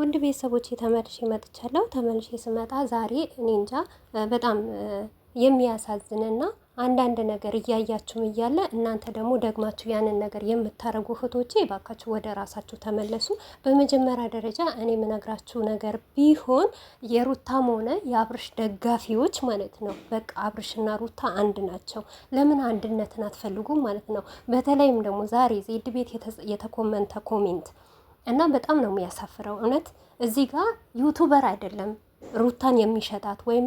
ውድ ቤተሰቦቼ ተመልሼ መጥቻለሁ። ተመልሼ ስመጣ ዛሬ እኔ እንጃ በጣም የሚያሳዝንና አንዳንድ ነገር እያያችሁም እያለ እናንተ ደግሞ ደግማችሁ ያንን ነገር የምታደርጉ እህቶቼ ባካችሁ ወደ ራሳችሁ ተመለሱ። በመጀመሪያ ደረጃ እኔ የምነግራችሁ ነገር ቢሆን የሩታም ሆነ የአብርሽ ደጋፊዎች ማለት ነው፣ በቃ አብርሽና ሩታ አንድ ናቸው። ለምን አንድነትን አትፈልጉም ማለት ነው? በተለይም ደግሞ ዛሬ ዜድ ቤት የተኮመንተ ኮሜንት እና በጣም ነው የሚያሳፍረው እውነት። እዚህ ጋር ዩቱበር አይደለም ሩታን የሚሸጣት ወይም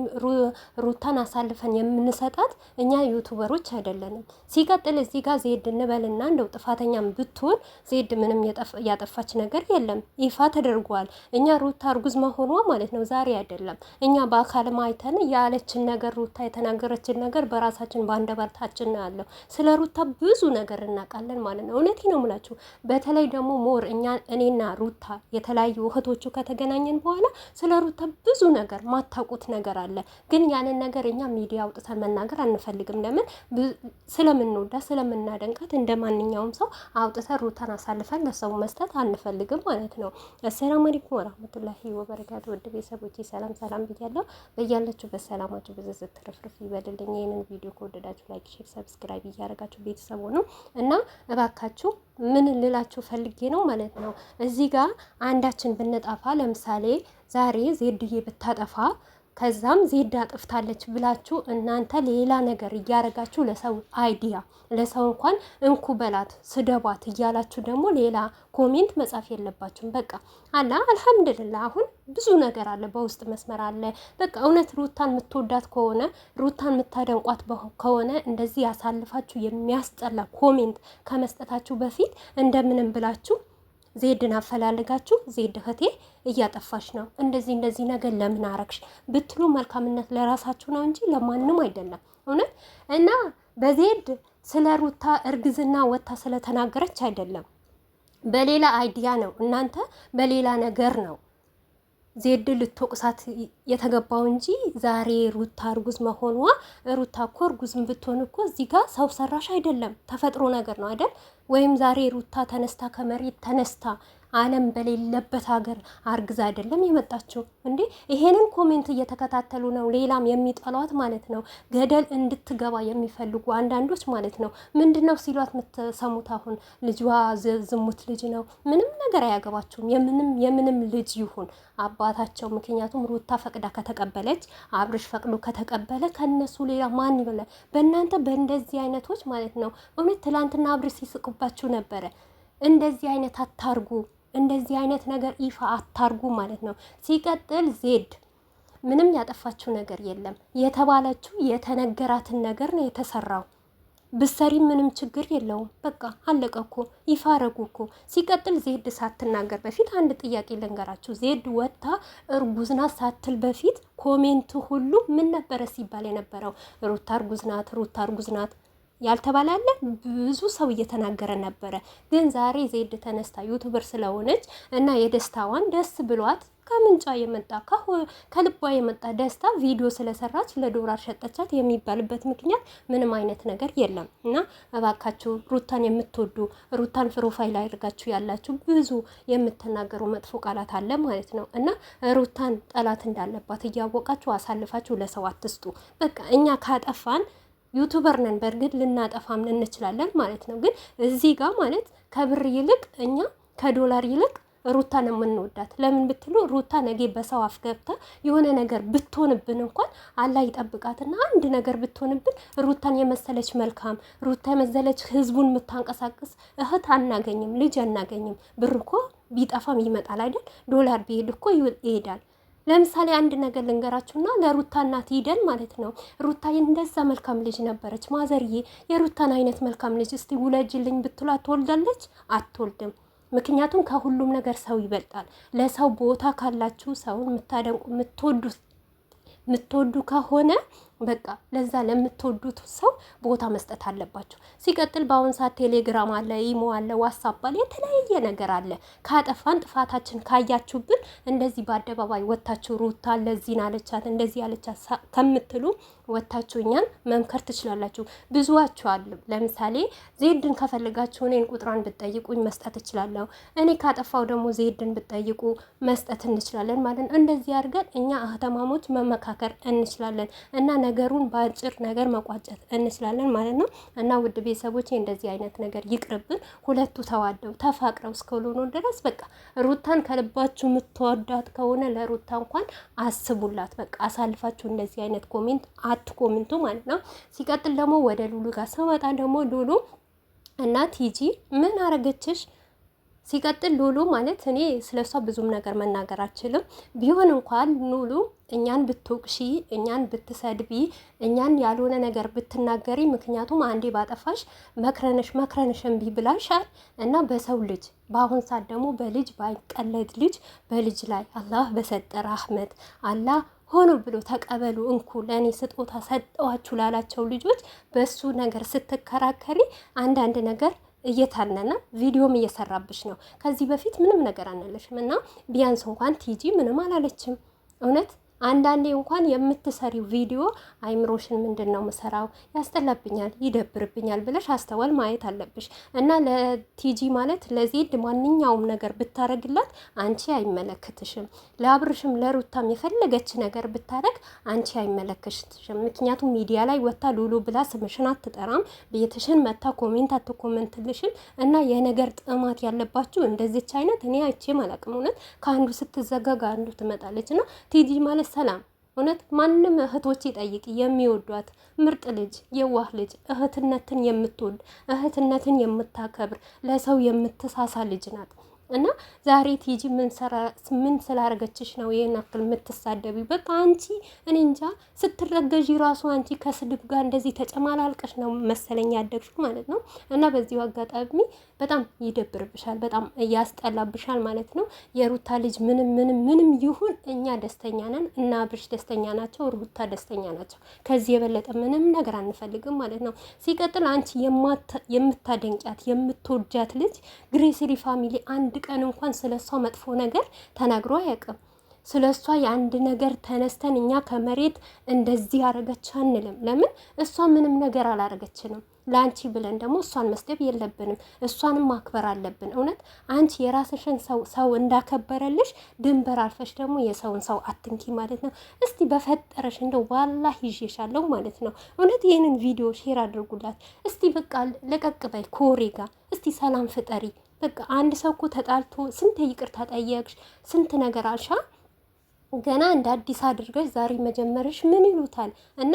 ሩታን አሳልፈን የምንሰጣት እኛ ዩቱበሮች አይደለንም። ሲቀጥል እዚህ ጋር ዜድ እንበልና እንደው ጥፋተኛም ብትሆን ዜድ ምንም ያጠፋች ነገር የለም፣ ይፋ ተደርጓል። እኛ ሩታ እርጉዝ መሆኗ ማለት ነው ዛሬ አይደለም። እኛ በአካል አይተን ያለችን ነገር ሩታ የተናገረችን ነገር በራሳችን በአንደበታችን ነው ያለው። ስለ ሩታ ብዙ ነገር እናውቃለን ማለት ነው። እውነቴ ነው የምላችሁ። በተለይ ደግሞ ሞር እኛ እኔና ሩታ የተለያዩ እህቶቹ ከተገናኘን በኋላ ስለ ሩታ ብዙ ብዙ ነገር ማታውቁት ነገር አለ። ግን ያንን ነገር እኛ ሚዲያ አውጥተን መናገር አንፈልግም። ለምን ስለምንወዳ ስለምናደንቃት እንደ ማንኛውም ሰው አውጥተን ሩታን አሳልፈን ለሰው መስጠት አንፈልግም ማለት ነው። አሰላሙ አለይኩም ወራህመቱላሂ ወበረካቱ። ውድ ቤተሰቦች ሰላም ሰላም ብያለሁ። በያላችሁበት በሰላማችሁ ብዙ ስትርፍርፍ ይበልልኝ። ይህንን ቪዲዮ ከወደዳችሁ ላይክ፣ ሼር፣ ሰብስክራይብ እያደረጋችሁ ቤተሰቡ ነው እና እባካችሁ ምን ልላችሁ ፈልጌ ነው ማለት ነው። እዚህ ጋር አንዳችን ብንጠፋ ለምሳሌ ዛሬ ዜድዬ ብታጠፋ ከዛም ዜዳ ጥፍታለች ብላችሁ እናንተ ሌላ ነገር እያደረጋችሁ ለሰው አይዲያ ለሰው እንኳን እንኩ በላት ስደቧት እያላችሁ ደግሞ ሌላ ኮሜንት መጻፍ የለባችሁም። በቃ አላ አልሐምድልላ። አሁን ብዙ ነገር አለ፣ በውስጥ መስመር አለ። በቃ እውነት ሩታን የምትወዳት ከሆነ ሩታን የምታደንቋት ከሆነ እንደዚህ ያሳልፋችሁ የሚያስጠላ ኮሜንት ከመስጠታችሁ በፊት እንደምንም ብላችሁ ዜድን አፈላልጋችሁ ዜድ እህቴ እያጠፋሽ ነው፣ እንደዚህ እንደዚህ ነገር ለምን አረግሽ ብትሉ መልካምነት ለራሳችሁ ነው እንጂ ለማንም አይደለም። እውነት እና በዜድ ስለ ሩታ እርግዝና ወጥታ ስለተናገረች አይደለም፣ በሌላ አይዲያ ነው እናንተ በሌላ ነገር ነው ዜድ ልትወቅሳት የተገባው እንጂ ዛሬ ሩታ እርጉዝ መሆኗ ሩታ እኮ እርጉዝም ብትሆን እኮ እዚህ ጋር ሰው ሰራሽ አይደለም፣ ተፈጥሮ ነገር ነው አይደል? ወይም ዛሬ ሩታ ተነስታ ከመሬት ተነስታ ዓለም በሌለበት ሀገር አርግዛ አይደለም የመጣችው እንዴ? ይሄንን ኮሜንት እየተከታተሉ ነው ሌላም የሚጠሏት ማለት ነው። ገደል እንድትገባ የሚፈልጉ አንዳንዶች ማለት ነው። ምንድን ነው ሲሏት የምትሰሙት? አሁን ልጇ ዝሙት ልጅ ነው ምንም ነገር አያገባችሁም። የምንም የምንም ልጅ ይሁን አባታቸው ምክንያቱም ሩታ ፈቅዳ ከተቀበለች አብርሽ ፈቅዶ ከተቀበለ ከነሱ ሌላ ማን ይበላል? በእናንተ በእንደዚህ አይነቶች ማለት ነው። እውነት ትላንትና አብርሽ ሲስቁባችሁ ነበረ። እንደዚህ አይነት አታርጉ። እንደዚህ አይነት ነገር ይፋ አታርጉ ማለት ነው። ሲቀጥል ዜድ ምንም ያጠፋችው ነገር የለም። የተባለችው የተነገራትን ነገር ነው የተሰራው። ብሰሪ ምንም ችግር የለውም። በቃ አለቀ እኮ ይፋ አረጉ እኮ። ሲቀጥል ዜድ ሳትናገር በፊት አንድ ጥያቄ ልንገራችሁ። ዜድ ወጥታ እርጉዝና ሳትል በፊት ኮሜንት ሁሉ ምን ነበረ ሲባል የነበረው? ሩታ እርጉዝናት፣ ሩታ እርጉዝናት ያልተባላለ ብዙ ሰው እየተናገረ ነበረ። ግን ዛሬ ዜድ ተነስታ ዩቱበር ስለሆነች እና የደስታዋን ደስ ብሏት ከምንጫ የመጣ ከልቧ የመጣ ደስታ ቪዲዮ ስለሰራች ለዶላር ሸጠቻት የሚባልበት ምክንያት ምንም አይነት ነገር የለም። እና እባካችሁ ሩታን የምትወዱ ሩታን ፕሮፋይል አድርጋችሁ ያላችሁ ብዙ የምትናገሩ መጥፎ ቃላት አለ ማለት ነው። እና ሩታን ጠላት እንዳለባት እያወቃችሁ አሳልፋችሁ ለሰው አትስጡ። በቃ እኛ ካጠፋን ዩቱበር ነን፣ በእርግጥ ልናጠፋም እንችላለን ማለት ነው። ግን እዚህ ጋር ማለት ከብር ይልቅ እኛ ከዶላር ይልቅ ሩታን የምንወዳት ለምን ብትሉ ሩታ ነገ በሰው አፍ ገብታ የሆነ ነገር ብትሆንብን እንኳን አላህ ይጠብቃትና አንድ ነገር ብትሆንብን ሩታን የመሰለች መልካም ሩታ የመሰለች ህዝቡን የምታንቀሳቅስ እህት አናገኝም፣ ልጅ አናገኝም። ብር እኮ ቢጠፋም ይመጣል አይደል? ዶላር ቢሄድ እኮ ይሄዳል። ለምሳሌ አንድ ነገር ልንገራችሁና ለሩታ እናት ሂደን ማለት ነው። ሩታ እንደዛ መልካም ልጅ ነበረች። ማዘርዬ የሩታን አይነት መልካም ልጅ እስቲ ውለጅልኝ ብትሉ አትወልዳለች፣ አትወልድም። ምክንያቱም ከሁሉም ነገር ሰው ይበልጣል። ለሰው ቦታ ካላችሁ ሰውን የምታደንቁ የምትወዱ ከሆነ በቃ ለዛ ለምትወዱት ሰው ቦታ መስጠት አለባቸው። ሲቀጥል በአሁን ሰዓት ቴሌግራም አለ፣ ኢሞ አለ፣ ዋትሳፕ አለ፣ የተለያየ ነገር አለ። ካጠፋን ጥፋታችን ካያችሁብን እንደዚህ በአደባባይ ወታችሁ ሩታ ለዚህን አለቻት እንደዚህ ያለቻት ከምትሉ ወታችሁ እኛን መምከር ትችላላችሁ። ብዙዋችሁ አሉ። ለምሳሌ ዜድን ከፈልጋችሁ እኔን ቁጥሯን ብትጠይቁኝ መስጠት እችላለሁ። እኔ ካጠፋው ደግሞ ዜድን ብትጠይቁ መስጠት እንችላለን ማለት ነው። እንደዚህ አድርገን እኛ አህተማሞች መመካከር እንችላለን እና ነገሩን በአጭር ነገር መቋጨት እንችላለን ማለት ነው። እና ውድ ቤተሰቦቼ እንደዚህ አይነት ነገር ይቅርብን። ሁለቱ ተዋደው ተፋቅረው እስከሆኑ ድረስ በቃ ሩታን ከልባችሁ የምትወዳት ከሆነ ለሩታ እንኳን አስቡላት። በቃ አሳልፋችሁ እንደዚህ አይነት ኮሜንት አትኮሜንቱ ማለት ነው። ሲቀጥል ደግሞ ወደ ሉሉ ጋር ስመጣ ደግሞ ሉሉ እና ቲጂ ምን አረገችሽ? ሲቀጥል ሉሉ ማለት እኔ ስለሷ ብዙም ነገር መናገር አችልም ቢሆን እንኳን ሉሉ እኛን ብትወቅሺ፣ እኛን ብትሰድቢ፣ እኛን ያልሆነ ነገር ብትናገሪ፣ ምክንያቱም አንዴ ባጠፋሽ መክረንሽ መክረንሽ እምቢ ብላሻል እና በሰው ልጅ በአሁን ሰዓት ደግሞ በልጅ ባይቀለድ ልጅ በልጅ ላይ አላህ በሰጠ ራህመት አላህ ሆኖ ብሎ ተቀበሉ እንኩ ለእኔ ስጦታ ሰጠዋችሁ ላላቸው ልጆች በሱ ነገር ስትከራከሪ አንዳንድ ነገር እየታነነ ቪዲዮም እየሰራብሽ ነው። ከዚህ በፊት ምንም ነገር አንልሽም እና ቢያንስ እንኳን ቲጂ ምንም አላለችም። እውነት አንዳንዴ እንኳን የምትሰሪው ቪዲዮ አይምሮሽን ምንድን ነው ምሰራው ያስጠላብኛል፣ ይደብርብኛል ብለሽ አስተዋል ማየት አለብሽ። እና ለቲጂ ማለት ለዜድ ማንኛውም ነገር ብታረግላት አንቺ አይመለከትሽም። ለአብርሽም ለሩታም የፈለገች ነገር ብታረግ አንቺ አይመለከትሽም። ምክንያቱም ሚዲያ ላይ ወታ ሉሉ ብላ ስምሽን አትጠራም። ቤትሽን መታ ኮሜንት አትኮመንትልሽም። እና የነገር ጥማት ያለባችሁ እንደዚች አይነት እኔ አይቼ አላቅም። እውነት ከአንዱ ስትዘጋጋ አንዱ ትመጣለች። እና ቲጂ ማለት ሰላም እውነት ማንም እህቶች ይጠይቅ የሚወዷት ምርጥ ልጅ የዋህ ልጅ እህትነትን የምትወድ እህትነትን የምታከብር ለሰው የምትሳሳ ልጅ ናት። እና ዛሬ ቲጂ ምን ስላረገችሽ ነው ይህን አክል የምትሳደቢ? በቃ አንቺ እኔ እንጃ ራሱ አንቺ ከስድብ ጋር እንደዚህ ተጨማላልቀሽ ነው መሰለኝ ያደግሽ ማለት ነው። እና በዚሁ አጋጣሚ በጣም ይደብርብሻል፣ በጣም ያስጠላብሻል ማለት ነው። የሩታ ልጅ ምንም ምንም ምንም ይሁን እኛ ደስተኛ ነን እና አብርሽ ደስተኛ ናቸው፣ ሩታ ደስተኛ ናቸው። ከዚህ የበለጠ ምንም ነገር አንፈልግም ማለት ነው። ሲቀጥል አንቺ የምታደንጫት የምትወጃት ልጅ ግሬሲሪ ፋሚሊ አንድ ቀን እንኳን ስለ እሷ መጥፎ ነገር ተናግሮ አያውቅም። ስለ እሷ የአንድ ነገር ተነስተን እኛ ከመሬት እንደዚህ አረገች አንልም። ለምን እሷ ምንም ነገር አላረገችንም። ለአንቺ ብለን ደግሞ እሷን መስደብ የለብንም። እሷንም ማክበር አለብን። እውነት አንቺ የራስሽን ሰው ሰው እንዳከበረልሽ ድንበር አልፈሽ ደግሞ የሰውን ሰው አትንኪ ማለት ነው። እስቲ በፈጠረሽ እንደው ዋላ ይዤሻለሁ ማለት ነው። እውነት ይህንን ቪዲዮ ሼር አድርጉላት። እስቲ በቃ ለቀቅ በይ ኮሬ ጋር እስቲ ሰላም ፍጠሪ። በቃ አንድ ሰው እኮ ተጣልቶ ስንት ይቅርታ ጠየቅሽ፣ ስንት ነገር አልሻ ገና እንደ አዲስ አድርገሽ ዛሬ መጀመርሽ ምን ይሉታል? እና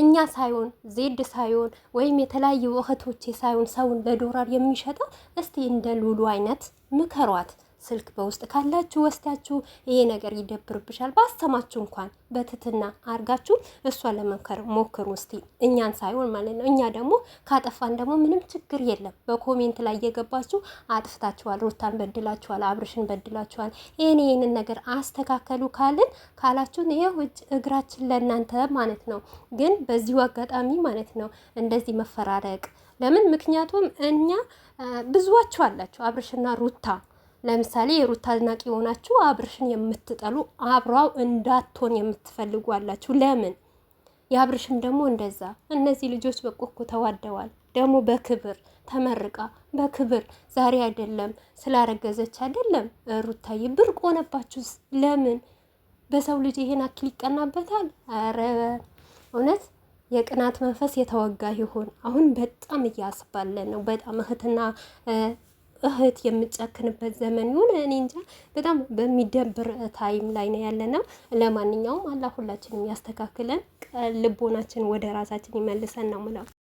እኛ ሳይሆን ዜድ ሳይሆን ወይም የተለያዩ እህቶቼ ሳይሆን ሰውን ለዶላር የሚሸጠው እስቲ እንደ ሉሉ አይነት ምከሯት። ስልክ በውስጥ ካላችሁ ወስዳችሁ ይሄ ነገር ይደብርብሻል ባሰማችሁ እንኳን በትትና አርጋችሁ እሷን ለመንከር ሞክሩ እስቲ እኛን ሳይሆን ማለት ነው። እኛ ደግሞ ካጠፋን ደግሞ ምንም ችግር የለም። በኮሜንት ላይ እየገባችሁ አጥፍታችኋል፣ ሩታን በድላችኋል፣ አብርሽን በድላችኋል፣ ይህን ይህንን ነገር አስተካከሉ ካልን ካላችሁን ይኸው እግራችን ለእናንተ ማለት ነው። ግን በዚሁ አጋጣሚ ማለት ነው እንደዚህ መፈራረቅ ለምን? ምክንያቱም እኛ ብዙዋችሁ አላችሁ አብርሽና ሩታ ለምሳሌ የሩታ አድናቂ የሆናችሁ አብርሽን የምትጠሉ አብራው እንዳትሆን የምትፈልጉ አላችሁ። ለምን? የአብርሽም ደግሞ እንደዛ። እነዚህ ልጆች በቆኮ ተዋደዋል። ደግሞ በክብር ተመርቃ በክብር ዛሬ አይደለም ስላረገዘች አይደለም ሩታዬ፣ ብርቅ ሆነባችሁ። ለምን? በሰው ልጅ ይሄን አክል ይቀናበታል? ኧረ እውነት የቅናት መንፈስ የተወጋ ይሆን? አሁን በጣም እያስባለን ነው። በጣም እህትና እህት የምጨክንበት ዘመን ይሁን እኔ እንጃ። በጣም በሚደብር ታይም ላይ ነው ያለነው። ለማንኛውም አላህ ሁላችንም ያስተካክለን፣ ልቦናችን ወደ ራሳችን ይመልሰን ነው ምለው።